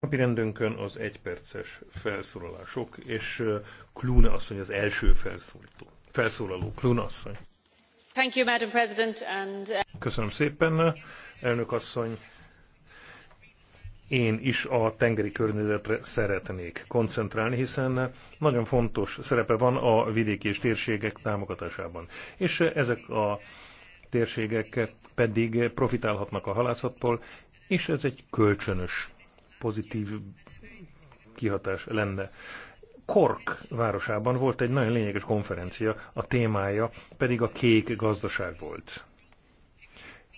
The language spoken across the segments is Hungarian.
rendünkön az egyperces felszólalások, és Klune asszony az első felszólító. felszólaló Klune asszony. Thank you, Madam President, and... Uh, Köszönöm szépen, elnök asszony. Én is a tengeri környezetre szeretnék koncentrálni, hiszen nagyon fontos szerepe van a vidéki és térségek támogatásában. És ezek a térségek pedig profitálhatnak a halászattól, és ez egy kölcsönös pozitív kihatás lenne. Kork városában volt egy nagyon lényeges konferencia, a témája pedig a kék gazdaság volt.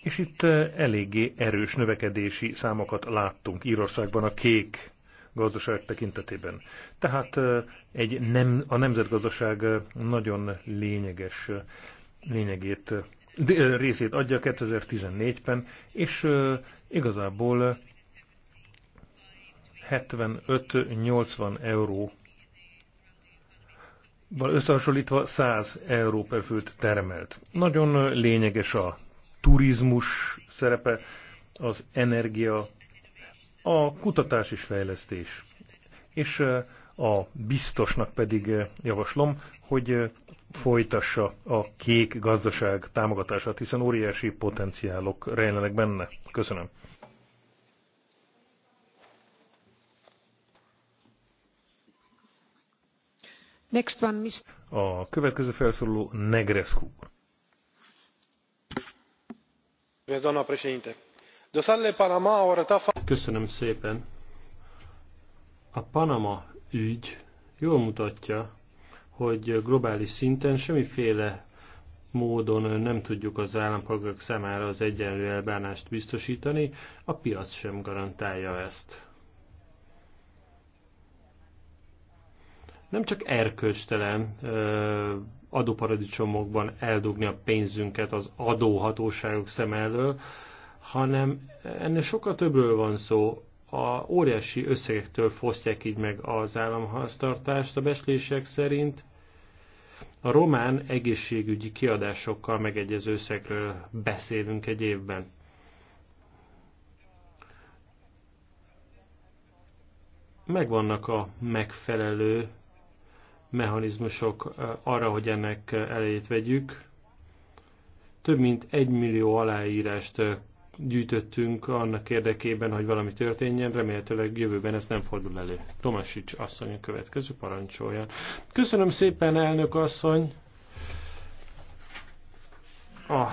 És itt eh, eléggé erős növekedési számokat láttunk Írországban a kék gazdaság tekintetében. Tehát eh, egy nem, a nemzetgazdaság eh, nagyon lényeges lényegét részét adja 2014-ben, és igazából 75-80 euró val összehasonlítva 100 euró per főt termelt. Nagyon lényeges a turizmus szerepe, az energia, a kutatás és fejlesztés. És eh, a biztosnak pedig eh, javaslom, hogy eh, folytassa a kék gazdaság támogatását, hiszen óriási potenciálok rejlenek benne. Köszönöm. Next one, Mr. A következő felszóló Negrescu. Köszönöm szépen. A Panama ügy jól mutatja, hogy globális szinten semmiféle módon nem tudjuk az állampolgárok számára az egyenlő elbánást biztosítani, a piac sem garantálja ezt. nem csak erkölcstelen adóparadicsomokban eldugni a pénzünket az adóhatóságok szem elől, hanem ennél sokkal többről van szó. A óriási összegektől fosztják így meg az államháztartást. A beslések szerint a román egészségügyi kiadásokkal megegyező összegről beszélünk egy évben. Megvannak a megfelelő mechanizmusok eh, arra, hogy ennek eh, elejét vegyük. Több mint egy millió aláírást eh, gyűjtöttünk annak érdekében, hogy valami történjen, remélhetőleg jövőben ez nem fordul elő. Tomasics asszony a következő parancsolja. Köszönöm szépen, elnök asszony! A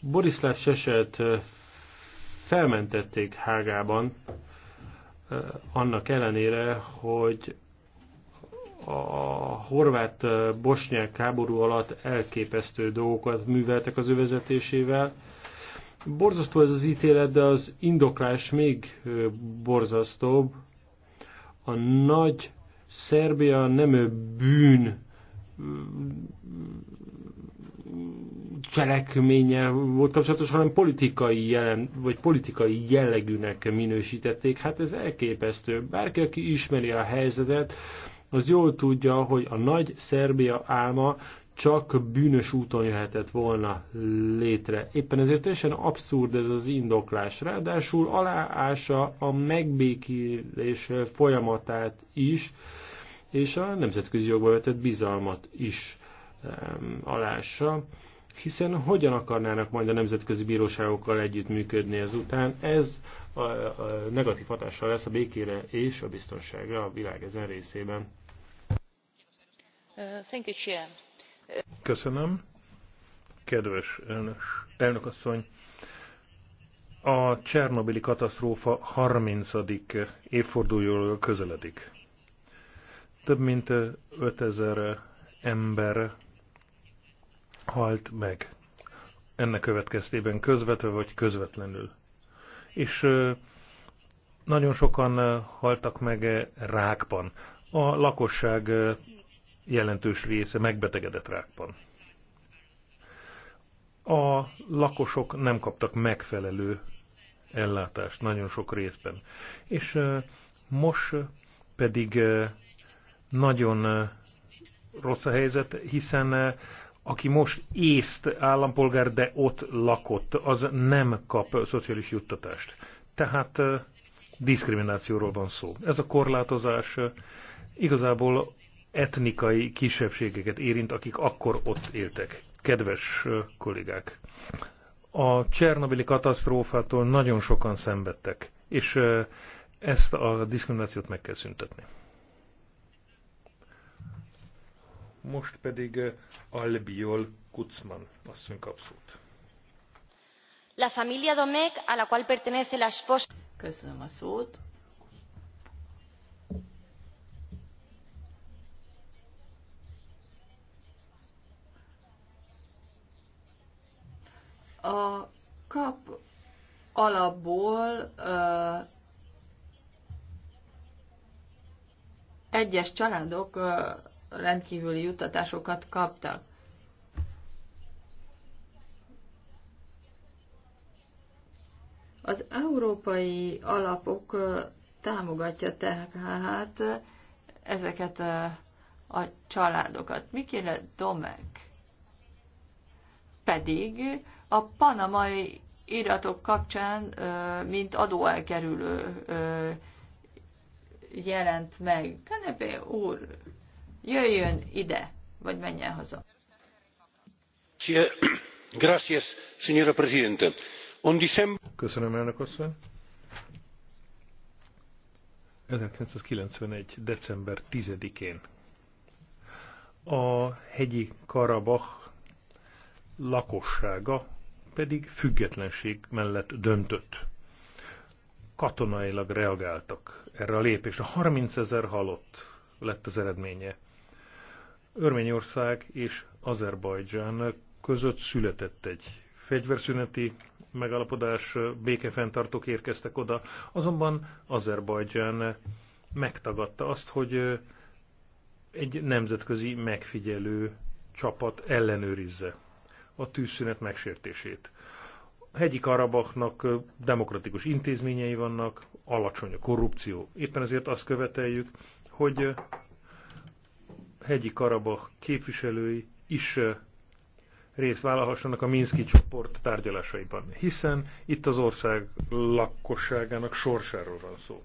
Borislav Seset felmentették Hágában, annak ellenére, hogy a horvát-bosnyák háború alatt elképesztő dolgokat műveltek az ő vezetésével. Borzasztó ez az ítélet, de az indoklás még borzasztóbb. A nagy Szerbia nem bűn cselekménye volt kapcsolatos, hanem politikai, jelen, vagy politikai jellegűnek minősítették. Hát ez elképesztő. Bárki, aki ismeri a helyzetet, az jól tudja, hogy a nagy Szerbia álma csak bűnös úton jöhetett volna létre. Éppen ezért teljesen abszurd ez az indoklás. Ráadásul aláása a megbékélés folyamatát is, és a nemzetközi jogba vetett bizalmat is aláása hiszen hogyan akarnának majd a nemzetközi bíróságokkal együttműködni ezután, ez a, a negatív hatással lesz a békére és a biztonságra a világ ezen részében. Uh, Köszönöm. Kedves elnös, elnökasszony, a Csernobili katasztrófa 30. évfordulója közeledik. Több mint 5000 ember halt meg. Ennek következtében közvetve vagy közvetlenül. És nagyon sokan haltak meg rákban. A lakosság jelentős része megbetegedett rákban. A lakosok nem kaptak megfelelő ellátást nagyon sok részben. És most pedig nagyon rossz a helyzet, hiszen aki most észt állampolgár, de ott lakott, az nem kap szociális juttatást. Tehát diszkriminációról van szó. Ez a korlátozás igazából etnikai kisebbségeket érint, akik akkor ott éltek. Kedves kollégák, a Csernobili katasztrófától nagyon sokan szenvedtek, és ezt a diszkriminációt meg kell szüntetni. Most pedig eh, Albiol Kutzman asszony kapszót. La familia Domecq, a la cual pertenece la esposa... Köszönöm a szót. A kap alapból uh, egyes családok uh, rendkívüli juttatásokat kaptak. Az európai alapok támogatja tehát ezeket a családokat. Mikére Domek pedig a panamai iratok kapcsán, mint adóelkerülő jelent meg. Kanepé úr jöjjön ide, vagy menjen haza. Köszönöm, elnök asszony. 1991. december 10-én a hegyi Karabach lakossága pedig függetlenség mellett döntött. Katonailag reagáltak erre a lépésre. 30 ezer halott lett az eredménye. Örményország és Azerbajdzsán között született egy fegyverszüneti megállapodás, békefenntartók érkeztek oda, azonban Azerbajdzsán megtagadta azt, hogy egy nemzetközi megfigyelő csapat ellenőrizze a tűzszünet megsértését. A hegyi Karabaknak demokratikus intézményei vannak, alacsony a korrupció. Éppen ezért azt követeljük, hogy hegyi Karabach képviselői is részt vállalhassanak a Minszki csoport tárgyalásaiban, hiszen itt az ország lakosságának sorsáról van szó.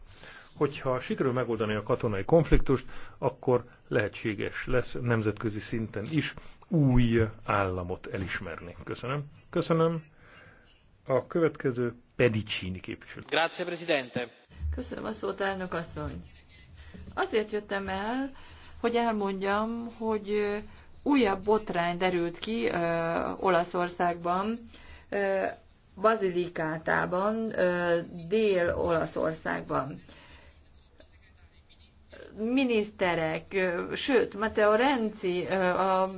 Hogyha sikerül megoldani a katonai konfliktust, akkor lehetséges lesz nemzetközi szinten is új államot elismerni. Köszönöm. Köszönöm. A következő Pedicini képviselő. Grazie, Presidente. Köszönöm a szót, elnök asszony. Azért jöttem el, hogy elmondjam, hogy újabb botrány derült ki ö, Olaszországban, ö, Bazilikátában, Dél-Olaszországban. Miniszterek, sőt, Matteo Renzi, a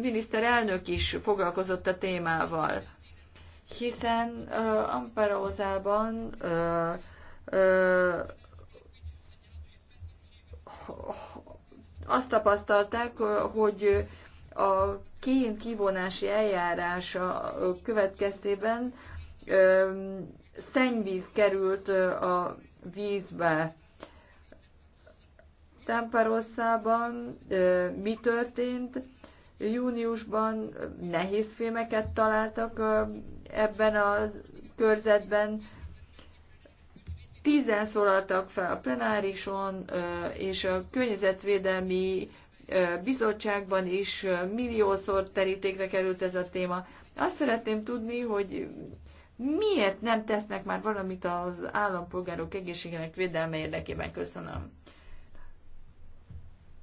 miniszterelnök is foglalkozott a témával, hiszen Amperózában azt tapasztalták, hogy a kén kivonási eljárása következtében szennyvíz került a vízbe. Tamparosszában mi történt? Júniusban nehéz fémeket találtak ebben a körzetben, tízen szólaltak fel a plenárison, és a környezetvédelmi bizottságban is milliószor terítékre került ez a téma. Azt szeretném tudni, hogy miért nem tesznek már valamit az állampolgárok egészségének védelme érdekében. Köszönöm.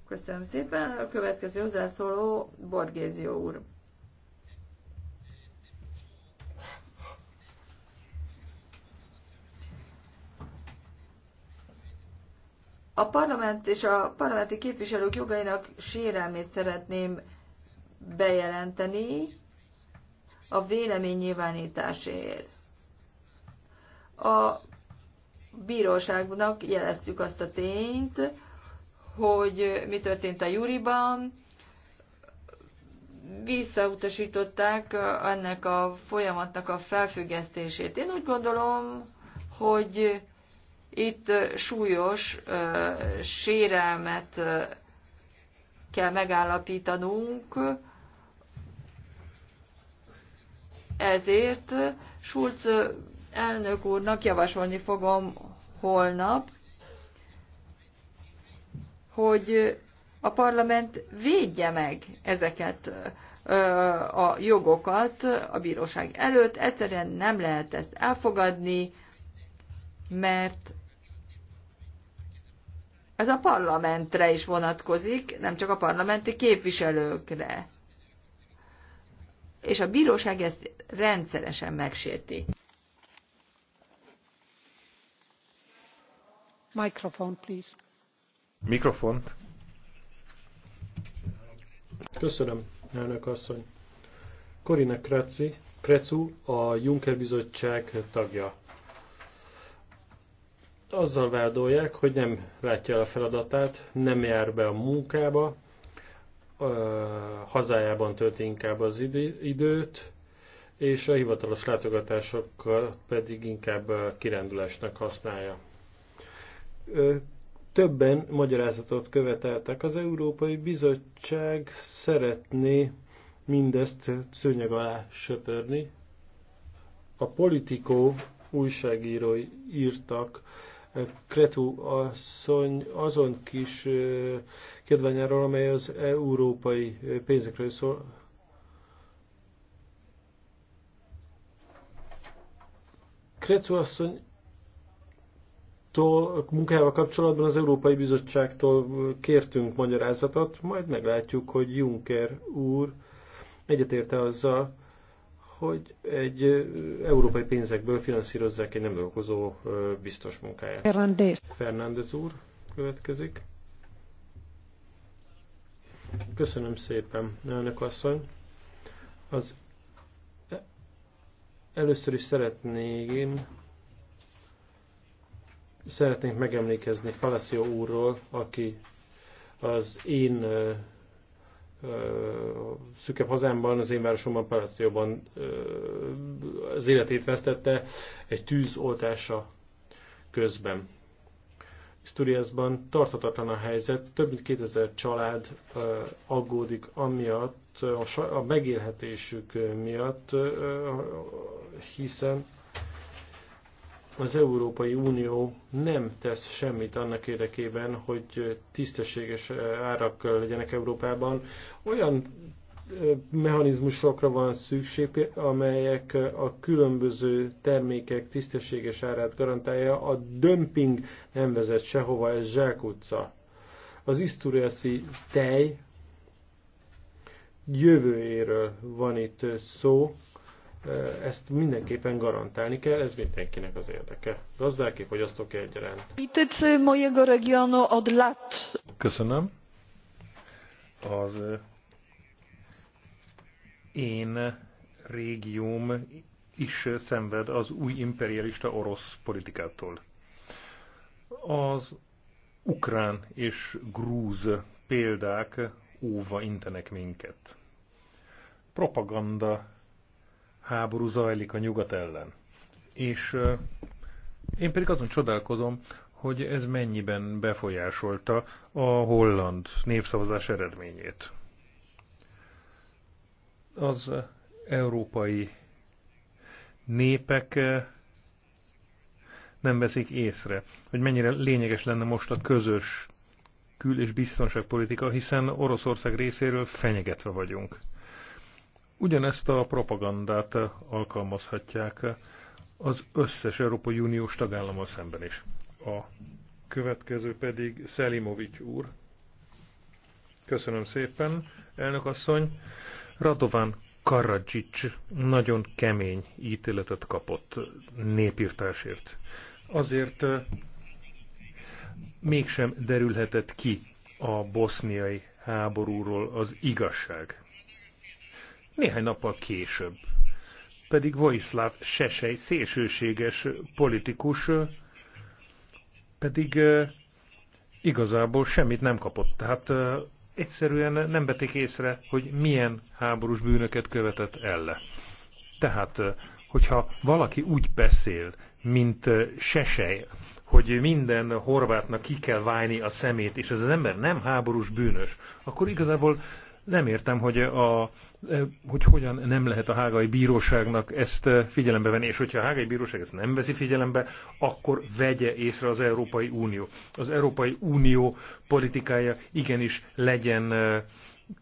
Köszönöm szépen. A következő hozzászóló Borgézió úr. A parlament és a parlamenti képviselők jogainak sérelmét szeretném bejelenteni a nyilvánításért. A bíróságnak jeleztük azt a tényt, hogy mi történt a Juriban, visszautasították ennek a folyamatnak a felfüggesztését. Én úgy gondolom, hogy itt súlyos sérelmet kell megállapítanunk, ezért Schulz elnök úrnak javasolni fogom holnap, hogy a parlament védje meg ezeket a jogokat a bíróság előtt. Egyszerűen nem lehet ezt elfogadni, mert ez a parlamentre is vonatkozik, nem csak a parlamenti képviselőkre. És a bíróság ezt rendszeresen megsérti. Mikrofon, please. Mikrofon. Köszönöm, elnök asszony. Korina Kreci, Krecu, a Juncker Bizottság tagja azzal vádolják, hogy nem látja el a feladatát, nem jár be a munkába, hazájában tölti inkább az időt, és a hivatalos látogatásokkal pedig inkább kirándulásnak használja. Többen magyarázatot követeltek. Az Európai Bizottság szeretné mindezt szőnyeg alá söpörni. A politikó újságírói írtak Kretu asszony azon kis kedvenyáról, amely az európai pénzekről szól. Kretu asszony munkájával kapcsolatban az Európai Bizottságtól kértünk magyarázatot, majd meglátjuk, hogy Juncker úr egyetérte azzal, hogy egy európai pénzekből finanszírozzák egy nem dolgozó biztos munkáját. Fernández. Fernández úr következik. Köszönöm szépen, elnök asszony. Az e, először is szeretném szeretnénk megemlékezni Palacio úrról, aki az én szüke hazámban, az én városomban, Palacióban az életét vesztette egy tűzoltása közben. Sturiasban tarthatatlan a helyzet, több mint 2000 család aggódik amiatt, a megélhetésük miatt, hiszen az Európai Unió nem tesz semmit annak érdekében, hogy tisztességes árak legyenek Európában. Olyan mechanizmusokra van szükség, amelyek a különböző termékek tisztességes árát garantálja. A dömping nem vezet sehova, ez zsákutca. Az iszturiaszi tej jövőjéről van itt szó, ezt mindenképpen garantálni kell, ez mindenkinek az érdeke. Gazdák és fogyasztók egyaránt. mojego od lat. Köszönöm. Az én régióm is szenved az új imperialista orosz politikától. Az ukrán és grúz példák óva intenek minket. Propaganda háború zajlik a nyugat ellen. És én pedig azon csodálkozom, hogy ez mennyiben befolyásolta a holland népszavazás eredményét. Az európai népek nem veszik észre, hogy mennyire lényeges lenne most a közös kül- és biztonságpolitika, hiszen Oroszország részéről fenyegetve vagyunk. Ugyanezt a propagandát alkalmazhatják az összes Európai Uniós tagállammal szemben is. A következő pedig Szelimovics úr. Köszönöm szépen, elnök asszony. Radován Karadzsics nagyon kemény ítéletet kapott népírtásért. Azért eh, mégsem derülhetett ki a boszniai háborúról az igazság néhány nappal később. Pedig Vojislav Sesej szélsőséges politikus pedig eh, igazából semmit nem kapott. Tehát eh, egyszerűen nem vették észre, hogy milyen háborús bűnöket követett el. Tehát, eh, hogyha valaki úgy beszél, mint sesej, hogy minden horvátnak ki kell válni a szemét, és ez az ember nem háborús bűnös, akkor igazából nem értem, hogy, a, hogy hogyan nem lehet a hágai bíróságnak ezt figyelembe venni, és hogyha a hágai bíróság ezt nem veszi figyelembe, akkor vegye észre az Európai Unió. Az Európai Unió politikája igenis legyen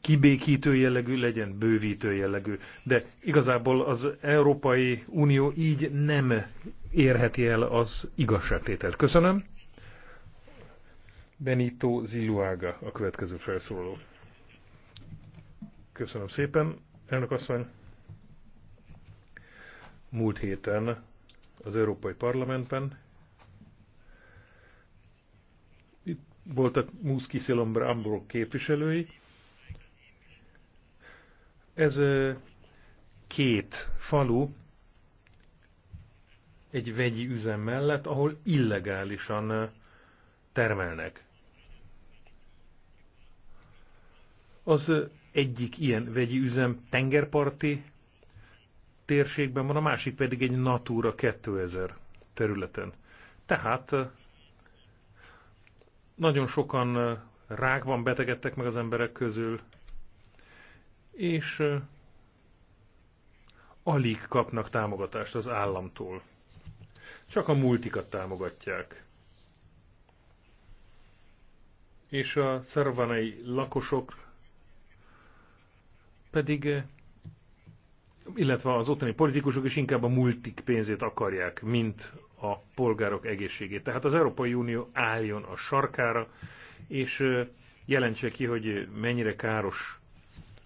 kibékítő jellegű, legyen bővítő jellegű. De igazából az Európai Unió így nem érheti el az igazságtételt. Köszönöm. Benito Ziluaga a következő felszólaló. Köszönöm szépen, elnök asszony. Múlt héten az Európai Parlamentben itt voltak Muszki Szilomber képviselői. Ez két falu egy vegyi üzem mellett, ahol illegálisan termelnek. Az egyik ilyen vegyi üzem tengerparti térségben van, a másik pedig egy Natura 2000 területen. Tehát nagyon sokan rákban betegedtek meg az emberek közül, és alig kapnak támogatást az államtól. Csak a multikat támogatják. És a szervanai lakosok pedig eh, illetve az ottani politikusok is inkább a multik pénzét akarják, mint a polgárok egészségét. Tehát az Európai Unió álljon a sarkára, és eh, jelentse ki, hogy mennyire káros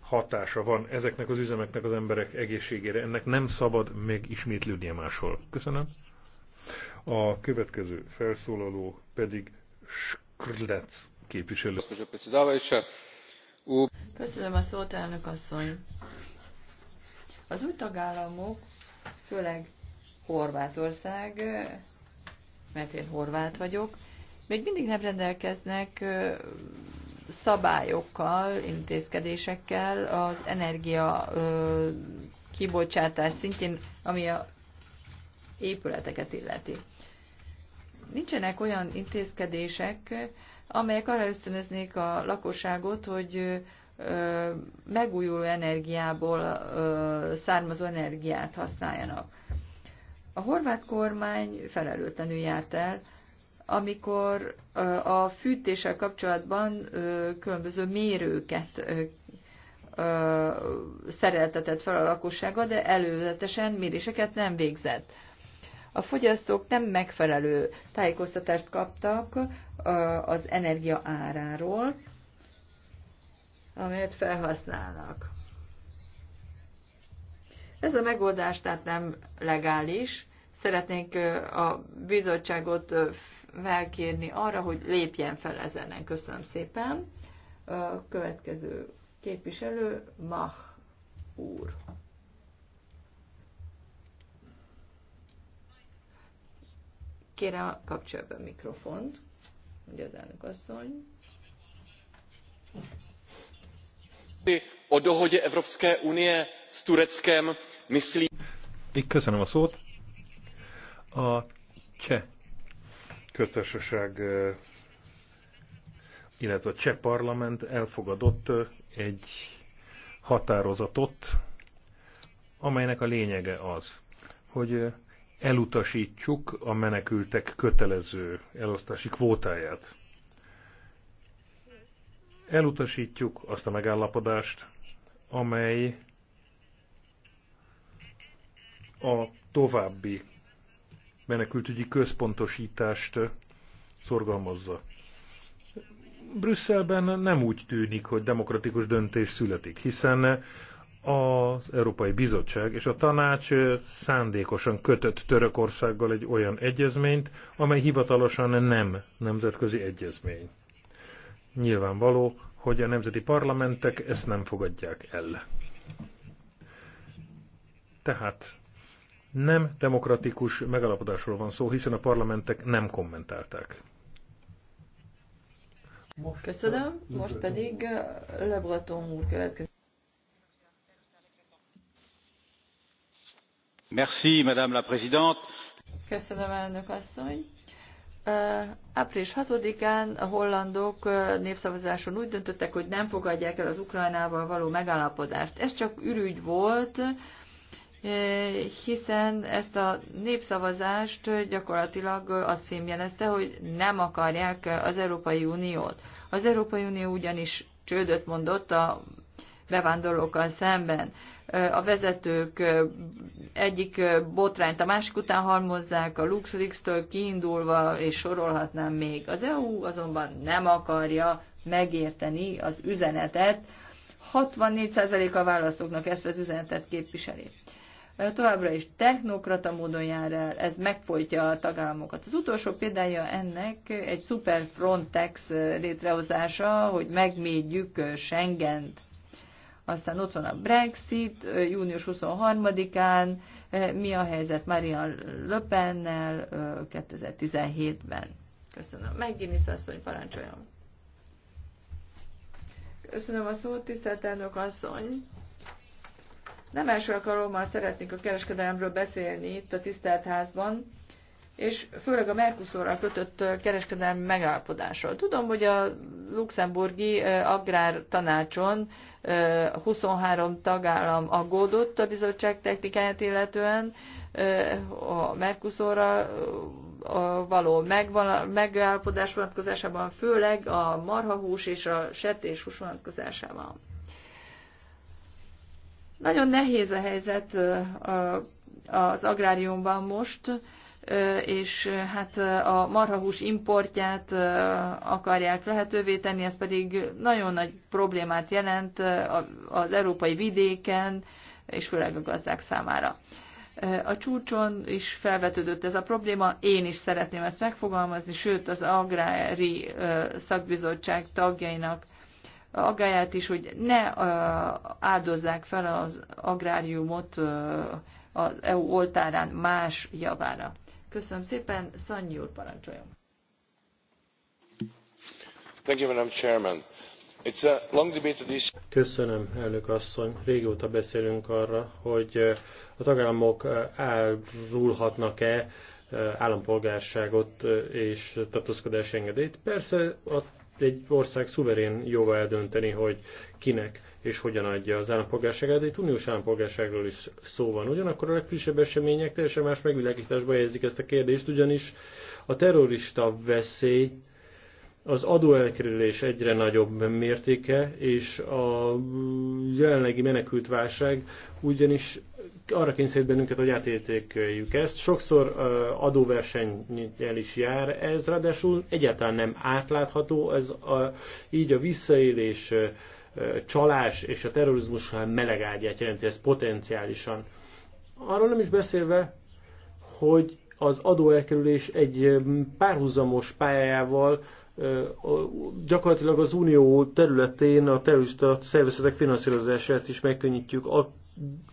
hatása van ezeknek az üzemeknek az emberek egészségére. Ennek nem szabad még ismétlődnie máshol. Köszönöm. A következő felszólaló pedig Skrlec képviselő. Köszönöm a szót, elnök asszony. Az új tagállamok, főleg Horvátország, mert én horvát vagyok, még mindig nem rendelkeznek szabályokkal, intézkedésekkel az energia kibocsátás szintjén, ami a épületeket illeti. Nincsenek olyan intézkedések, amelyek arra ösztönöznék a lakosságot, hogy megújuló energiából származó energiát használjanak. A horvát kormány felelőtlenül járt el, amikor a fűtéssel kapcsolatban különböző mérőket szereltetett fel a lakossága, de előzetesen méréseket nem végzett a fogyasztók nem megfelelő tájékoztatást kaptak az energia áráról, amelyet felhasználnak. Ez a megoldás tehát nem legális. Szeretnénk a bizottságot felkérni arra, hogy lépjen fel ezen. Köszönöm szépen. A következő képviselő Mach úr. Kérem, kapcsolja be a mikrofont, hogy az elnök asszony. O dohodě Evropské unie s Tureckem myslí... Köszönöm a szót. A cseh köztársaság, illetve a cseh parlament elfogadott egy határozatot, amelynek a lényege az, hogy elutasítsuk a menekültek kötelező elosztási kvótáját. Elutasítjuk azt a megállapodást, amely a további menekültügyi központosítást szorgalmazza. Brüsszelben nem úgy tűnik, hogy demokratikus döntés születik, hiszen az Európai Bizottság és a tanács szándékosan kötött Törökországgal egy olyan egyezményt, amely hivatalosan nem nemzetközi egyezmény. Nyilvánvaló, hogy a nemzeti parlamentek ezt nem fogadják el. Tehát nem demokratikus megalapodásról van szó, hiszen a parlamentek nem kommentálták. Most Köszönöm, most pedig Le Breton úr következik. Madame la Présidente. Köszönöm, elnök asszony. Április 6-án a hollandok népszavazáson úgy döntöttek, hogy nem fogadják el az Ukrajnával való megállapodást. Ez csak ürügy volt, hiszen ezt a népszavazást gyakorlatilag az fémjelezte, hogy nem akarják az Európai Uniót. Az Európai Unió ugyanis csődöt mondott a bevándorlókkal szemben a vezetők egyik botrányt a másik után halmozzák, a LuxLeaks-től kiindulva, és sorolhatnám még. Az EU azonban nem akarja megérteni az üzenetet. 64% a választóknak ezt az üzenetet képviseli. Továbbra is technokrata módon jár el, ez megfolytja a tagállamokat. Az utolsó példája ennek egy szuper Frontex létrehozása, hogy megmédjük Schengent aztán ott van a Brexit, június 23-án, mi a helyzet Marian Le Pennel 2017-ben. Köszönöm. Megginis asszony, parancsoljon. Köszönöm a szót, tisztelt elnök asszony. Nem első alkalommal szeretnék a kereskedelemről beszélni itt a tisztelt házban, és főleg a Mercosurral kötött kereskedelmi megállapodásról. Tudom, hogy a luxemburgi agrár tanácson 23 tagállam aggódott a bizottság technikáját illetően a Mercosurral való megállapodás vonatkozásában, főleg a marhahús és a sertéshús vonatkozásában. Nagyon nehéz a helyzet az agráriumban most, és hát a marhahús importját akarják lehetővé tenni, ez pedig nagyon nagy problémát jelent az európai vidéken, és főleg a gazdák számára. A csúcson is felvetődött ez a probléma, én is szeretném ezt megfogalmazni, sőt az Agrári Szakbizottság tagjainak aggáját is, hogy ne áldozzák fel az agráriumot az EU oltárán más javára. Köszönöm szépen, Szanyi úr parancsoljon. Köszönöm, elnök asszony. Régóta beszélünk arra, hogy a tagállamok árulhatnak-e állampolgárságot és tartózkodási engedélyt. Persze a egy ország szuverén joga eldönteni, hogy kinek és hogyan adja az állampolgárságát. Itt uniós állampolgárságról is szó van. Ugyanakkor a legfrissebb események teljesen más megvilágításba helyezik ezt a kérdést, ugyanis a terrorista veszély az adóelkerülés egyre nagyobb mértéke, és a jelenlegi menekült válság ugyanis arra kényszerít bennünket, hogy átértékeljük ezt. Sokszor adóversennyel is jár ez, ráadásul egyáltalán nem átlátható, ez a, így a visszaélés, csalás és a terrorizmus melegágyát jelenti ez potenciálisan. Arról nem is beszélve, hogy az adóelkerülés egy párhuzamos pályájával gyakorlatilag az unió területén a terrorista szervezetek finanszírozását is megkönnyítjük. A,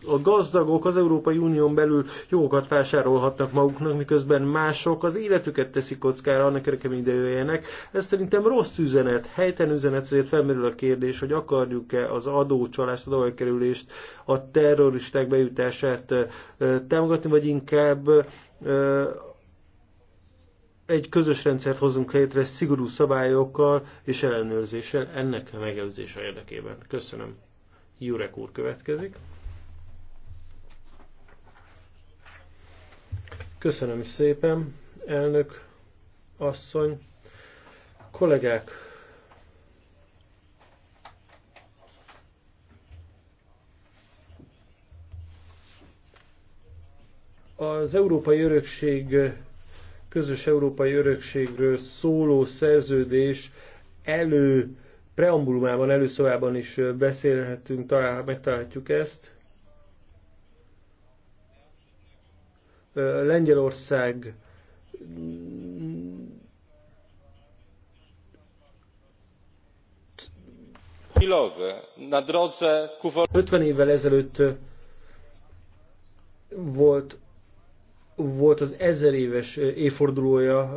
a gazdagok az Európai Unión belül jogokat vásárolhatnak maguknak, miközben mások az életüket teszik kockára, annak kerekem ide jöjjenek. Ez szerintem rossz üzenet, helyten üzenet, ezért felmerül a kérdés, hogy akarjuk-e az adócsalást, adókerülést, a terroristák bejutását támogatni, vagy inkább egy közös rendszert hozunk létre szigorú szabályokkal és ellenőrzéssel ennek a megelőzése érdekében. Köszönöm. Jurek úr következik. Köszönöm szépen, elnök asszony. Kollégák, az Európai Örökség közös európai örökségről szóló szerződés elő preambulumában, előszobában is beszélhetünk, talál, megtalálhatjuk ezt. Lengyelország na drodze ku 50 évvel ezelőtt volt volt az ezer éves évfordulója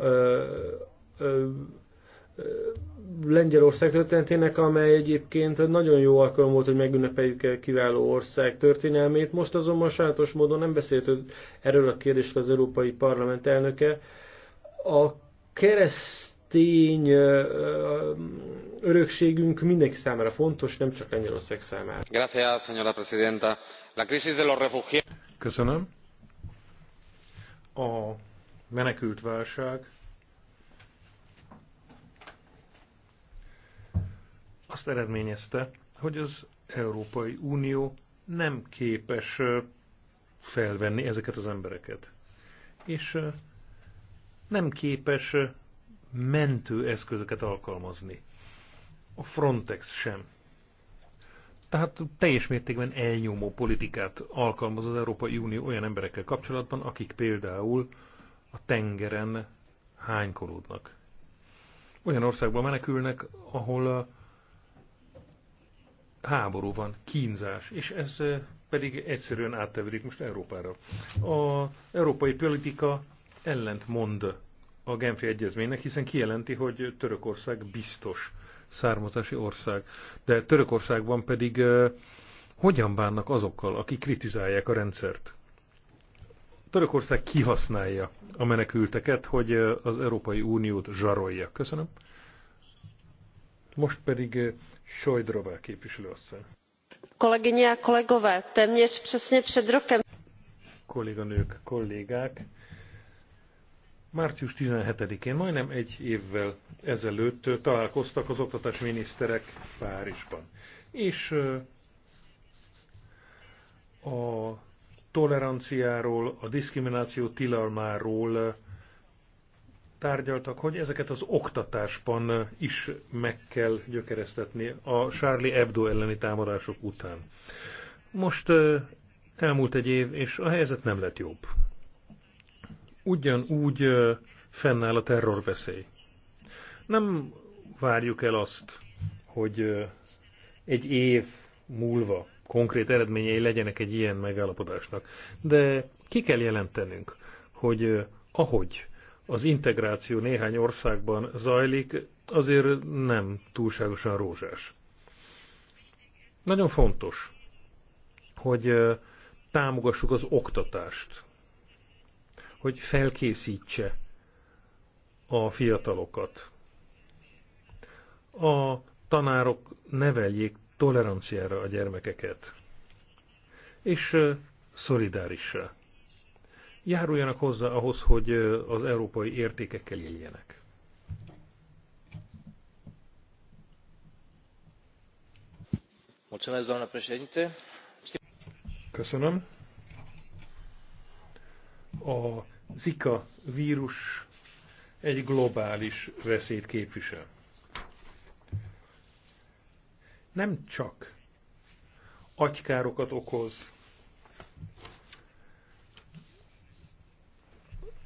Lengyelország történetének, amely egyébként nagyon jó alkalom volt, hogy megünnepeljük el kiváló ország történelmét. Most azonban sajátos módon nem beszélt erről a kérdésről az Európai Parlament elnöke. A keresztény örökségünk mindenki számára fontos, nem csak Lengyelország számára. señora presidenta. La crisis de los refugiados. Köszönöm a menekült válság azt eredményezte, hogy az Európai Unió nem képes felvenni ezeket az embereket. És nem képes mentő eszközöket alkalmazni. A Frontex sem tehát teljes mértékben elnyomó politikát alkalmaz az Európai Unió olyan emberekkel kapcsolatban, akik például a tengeren hánykolódnak. Olyan országban menekülnek, ahol a háború van, kínzás, és ez pedig egyszerűen áttevődik most Európára. A európai politika ellent mond a Genfi Egyezménynek, hiszen kijelenti, hogy Törökország biztos származási ország. De Törökországban pedig hogyan bánnak azokkal, akik kritizálják a rendszert? Törökország kihasználja a menekülteket, hogy az Európai Uniót zsarolja. Köszönöm. Most pedig Sojdrová képviselőasszony. Kolegyně a kolegové, téměř přesně před rokem. Kolléganők, kollégák, Március 17-én, majdnem egy évvel ezelőtt találkoztak az oktatásminiszterek Párizsban. És a toleranciáról, a diszkrimináció tilalmáról tárgyaltak, hogy ezeket az oktatásban is meg kell gyökeresztetni a Charlie Hebdo elleni támadások után. Most elmúlt egy év, és a helyzet nem lett jobb ugyanúgy fennáll a terrorveszély. Nem várjuk el azt, hogy egy év múlva konkrét eredményei legyenek egy ilyen megállapodásnak. De ki kell jelentenünk, hogy ahogy az integráció néhány országban zajlik, azért nem túlságosan rózsás. Nagyon fontos, hogy támogassuk az oktatást, hogy felkészítse a fiatalokat. A tanárok neveljék toleranciára a gyermekeket, és szolidárissá. Járuljanak hozzá ahhoz, hogy az európai értékekkel éljenek. Köszönöm. A Zika vírus egy globális veszélyt képvisel. Nem csak agykárokat okoz,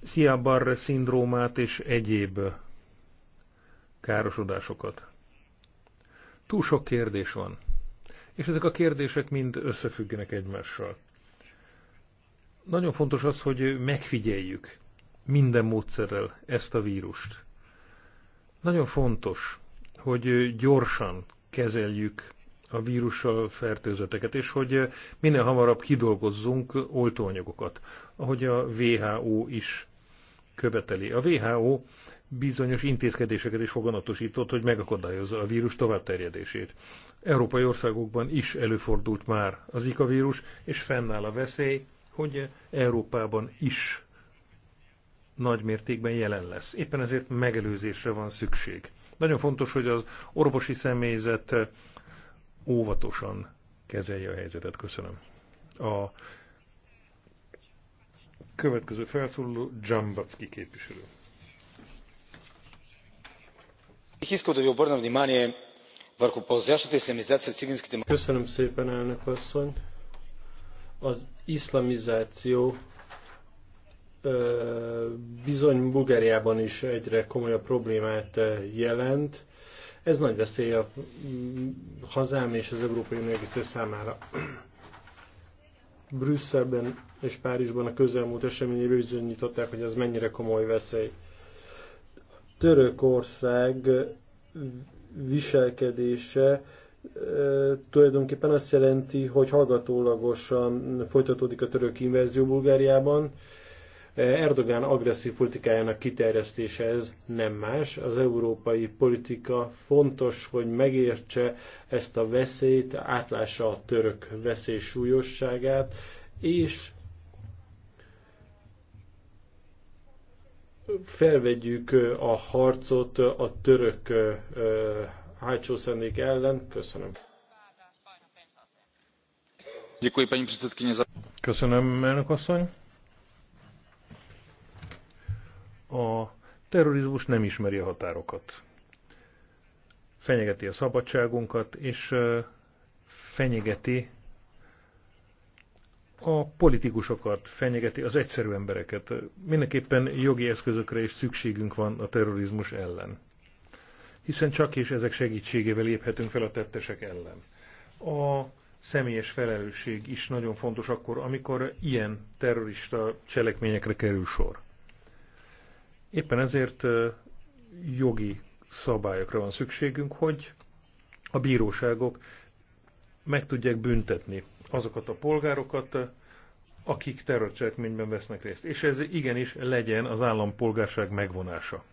Sziabar szindrómát és egyéb károsodásokat. Túl sok kérdés van, és ezek a kérdések mind összefüggenek egymással. Nagyon fontos az, hogy megfigyeljük minden módszerrel ezt a vírust. Nagyon fontos, hogy gyorsan kezeljük a vírussal fertőzötteket, és hogy minél hamarabb kidolgozzunk oltóanyagokat, ahogy a WHO is követeli. A WHO bizonyos intézkedéseket is foganatosított, hogy megakadályozza a vírus továbbterjedését. Európai országokban is előfordult már az ikavírus, vírus, és fennáll a veszély, hogy Európában is nagy mértékben jelen lesz. Éppen ezért megelőzésre van szükség. Nagyon fontos, hogy az orvosi személyzet óvatosan kezelje a helyzetet. Köszönöm. A következő felszólaló Dzsambacki képviselő. Köszönöm szépen, elnök asszony! az iszlamizáció bizony Bulgáriában is egyre komolyabb problémát jelent. Ez nagy veszély a hazám és az Európai Unió egész számára. Brüsszelben és Párizsban a közelmúlt eseményei bizonyították, hogy ez mennyire komoly veszély. Törökország viselkedése tulajdonképpen azt jelenti, hogy hallgatólagosan folytatódik a török invázió Bulgáriában. Erdogán agresszív politikájának kiterjesztése ez nem más. Az európai politika fontos, hogy megértse ezt a veszélyt, átlássa a török veszély súlyosságát, és felvegyük a harcot a török hátsó szendék ellen. Köszönöm. Köszönöm, elnök asszony. A terrorizmus nem ismeri a határokat. Fenyegeti a szabadságunkat, és fenyegeti a politikusokat, fenyegeti az egyszerű embereket. Mindenképpen jogi eszközökre is szükségünk van a terrorizmus ellen hiszen csak is ezek segítségével léphetünk fel a tettesek ellen. A személyes felelősség is nagyon fontos akkor, amikor ilyen terrorista cselekményekre kerül sor. Éppen ezért jogi szabályokra van szükségünk, hogy a bíróságok meg tudják büntetni azokat a polgárokat, akik terrorcselekményben vesznek részt. És ez igenis legyen az állampolgárság megvonása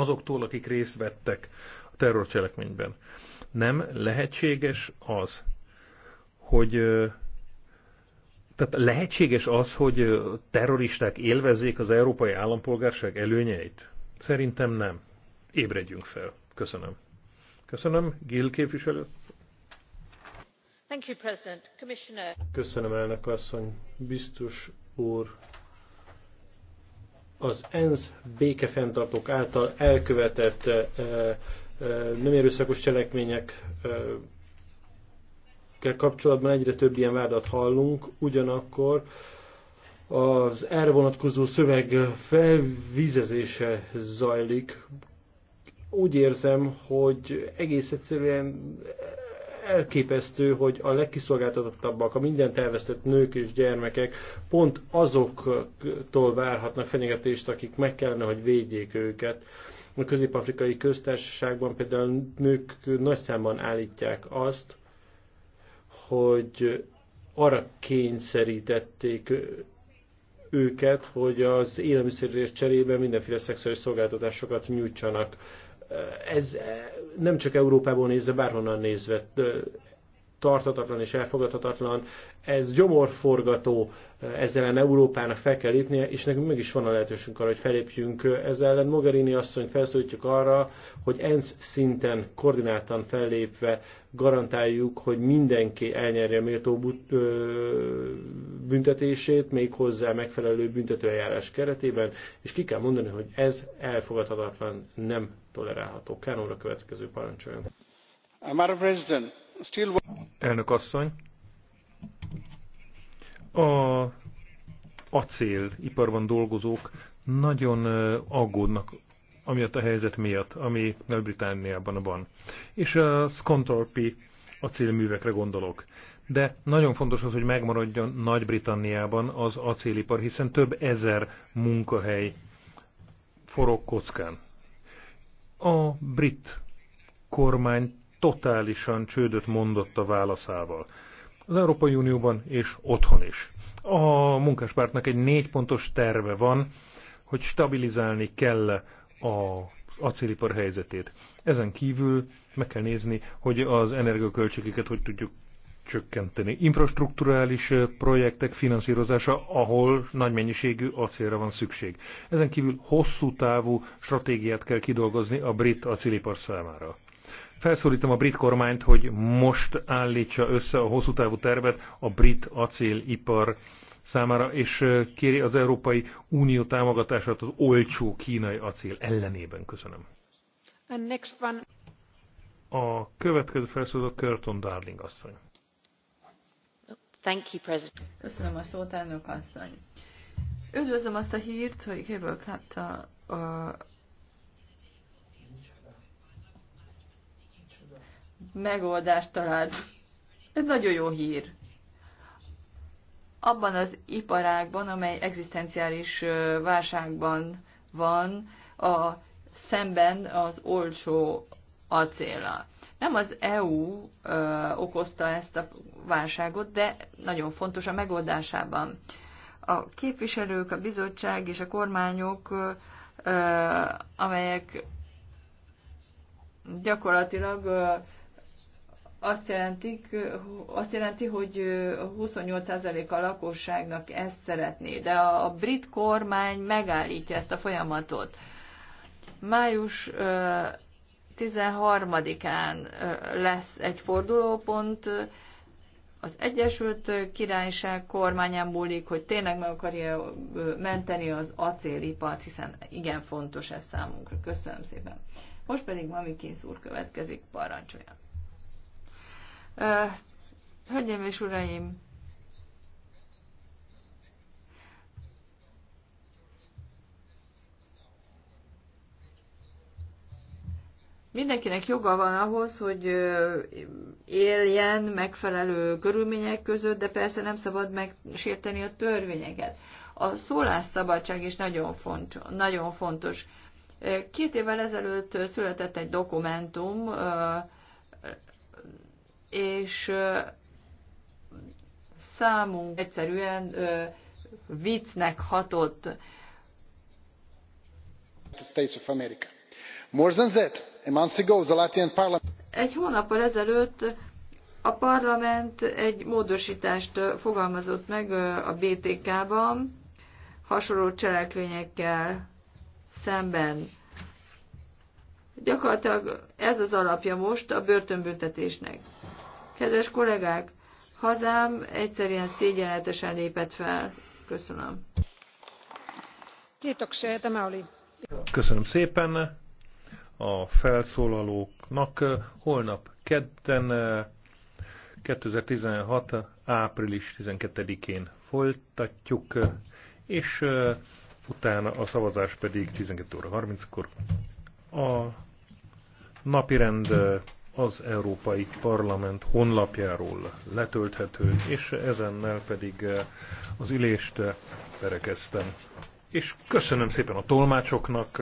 azoktól, akik részt vettek a terrorcselekményben. Nem lehetséges az, hogy tehát lehetséges az, hogy terroristák élvezzék az európai állampolgárság előnyeit? Szerintem nem. Ébredjünk fel. Köszönöm. Köszönöm, Gil képviselő. Thank you, President. Commissioner. Köszönöm, elnök asszony. Biztos úr, az ENSZ békefenntartók által elkövetett nem erőszakos cselekmények kapcsolatban egyre több ilyen vádat hallunk, ugyanakkor az erre vonatkozó szöveg felvizezése zajlik. Úgy érzem, hogy egész egyszerűen elképesztő, hogy a legkiszolgáltatottabbak, a mindent elvesztett nők és gyermekek pont azoktól várhatnak fenyegetést, akik meg kellene, hogy védjék őket. A közép-afrikai köztársaságban például nők nagy számban állítják azt, hogy arra kényszerítették őket, hogy az élelmiszerért cserében mindenféle szexuális szolgáltatásokat nyújtsanak ez eh, nem csak Európából nézve, bárhonnan nézve eh, tartatatlan és elfogadhatatlan, ez gyomorforgató, eh, ezzel ellen Európának fel kell lépnie, és nekünk meg is van a lehetőségünk arra, hogy felépjünk ezzel ellen. Mogherini asszonyt felszólítjuk arra, hogy ENSZ szinten koordináltan fellépve garantáljuk, hogy mindenki elnyerje a méltó büntetését, hozzá megfelelő büntetőeljárás keretében, és ki kell mondani, hogy ez elfogadhatatlan, nem tolerálható. Kán úr a következő parancsoljon. Uh, Elnök asszony, a iparban dolgozók nagyon uh, aggódnak amiatt a helyzet miatt, ami Nagy-Britániában van. És a Skontorpi acélművekre gondolok. De nagyon fontos az, hogy megmaradjon Nagy-Britanniában az acélipar, hiszen több ezer munkahely forog kockán. A brit kormány totálisan csődöt mondott a válaszával. Az Európai Unióban és otthon is. A munkáspártnak egy négy pontos terve van, hogy stabilizálni kell a acélipar helyzetét. Ezen kívül meg kell nézni, hogy az energiaköltségeket hogy tudjuk csökkenteni. Infrastruktúrális projektek finanszírozása, ahol nagy mennyiségű acélra van szükség. Ezen kívül hosszú távú stratégiát kell kidolgozni a brit acélipar számára. Felszólítom a brit kormányt, hogy most állítsa össze a hosszú távú tervet a brit acélipar számára, és kéri az Európai Unió támogatását az olcsó kínai acél ellenében. Köszönöm. A következő felszóló Curtin Darling asszony. Köszönöm a szót, elnök asszony. Üdvözlöm azt a hírt, hogy Gable hát a, a megoldást talált. Ez nagyon jó hír. Abban az iparágban, amely egzisztenciális válságban van, a, szemben az olcsó acéla. Nem az EU ö, okozta ezt a válságot, de nagyon fontos a megoldásában. A képviselők, a bizottság és a kormányok, amelyek gyakorlatilag azt, jelentik, azt jelenti, hogy 28% a lakosságnak ezt szeretné, de a brit kormány megállítja ezt a folyamatot. Május 13-án lesz egy fordulópont, az Egyesült Királyság kormányán múlik, hogy tényleg meg akarja menteni az acélipart, hiszen igen fontos ez számunkra. Köszönöm szépen. Most pedig Mami Kinsz úr következik, parancsolja. Hölgyeim és uraim, Mindenkinek joga van ahhoz, hogy éljen megfelelő körülmények között, de persze nem szabad megsérteni a törvényeket. A szólásszabadság is nagyon fontos. Nagyon fontos. Két évvel ezelőtt született egy dokumentum, és számunk egyszerűen viccnek hatott. States of America egy hónappal ezelőtt a parlament egy módosítást fogalmazott meg a BTK-ban hasonló cselekvényekkel szemben. Gyakorlatilag ez az alapja most a börtönbüntetésnek. Kedves kollégák, hazám egyszerűen szégyenletesen lépett fel. Köszönöm. Köszönöm szépen a felszólalóknak. Holnap kedden 2016. április 12-én folytatjuk, és utána a szavazás pedig 12 óra 30-kor. A napirend az Európai Parlament honlapjáról letölthető, és ezennel pedig az ülést perekeztem. És köszönöm szépen a tolmácsoknak,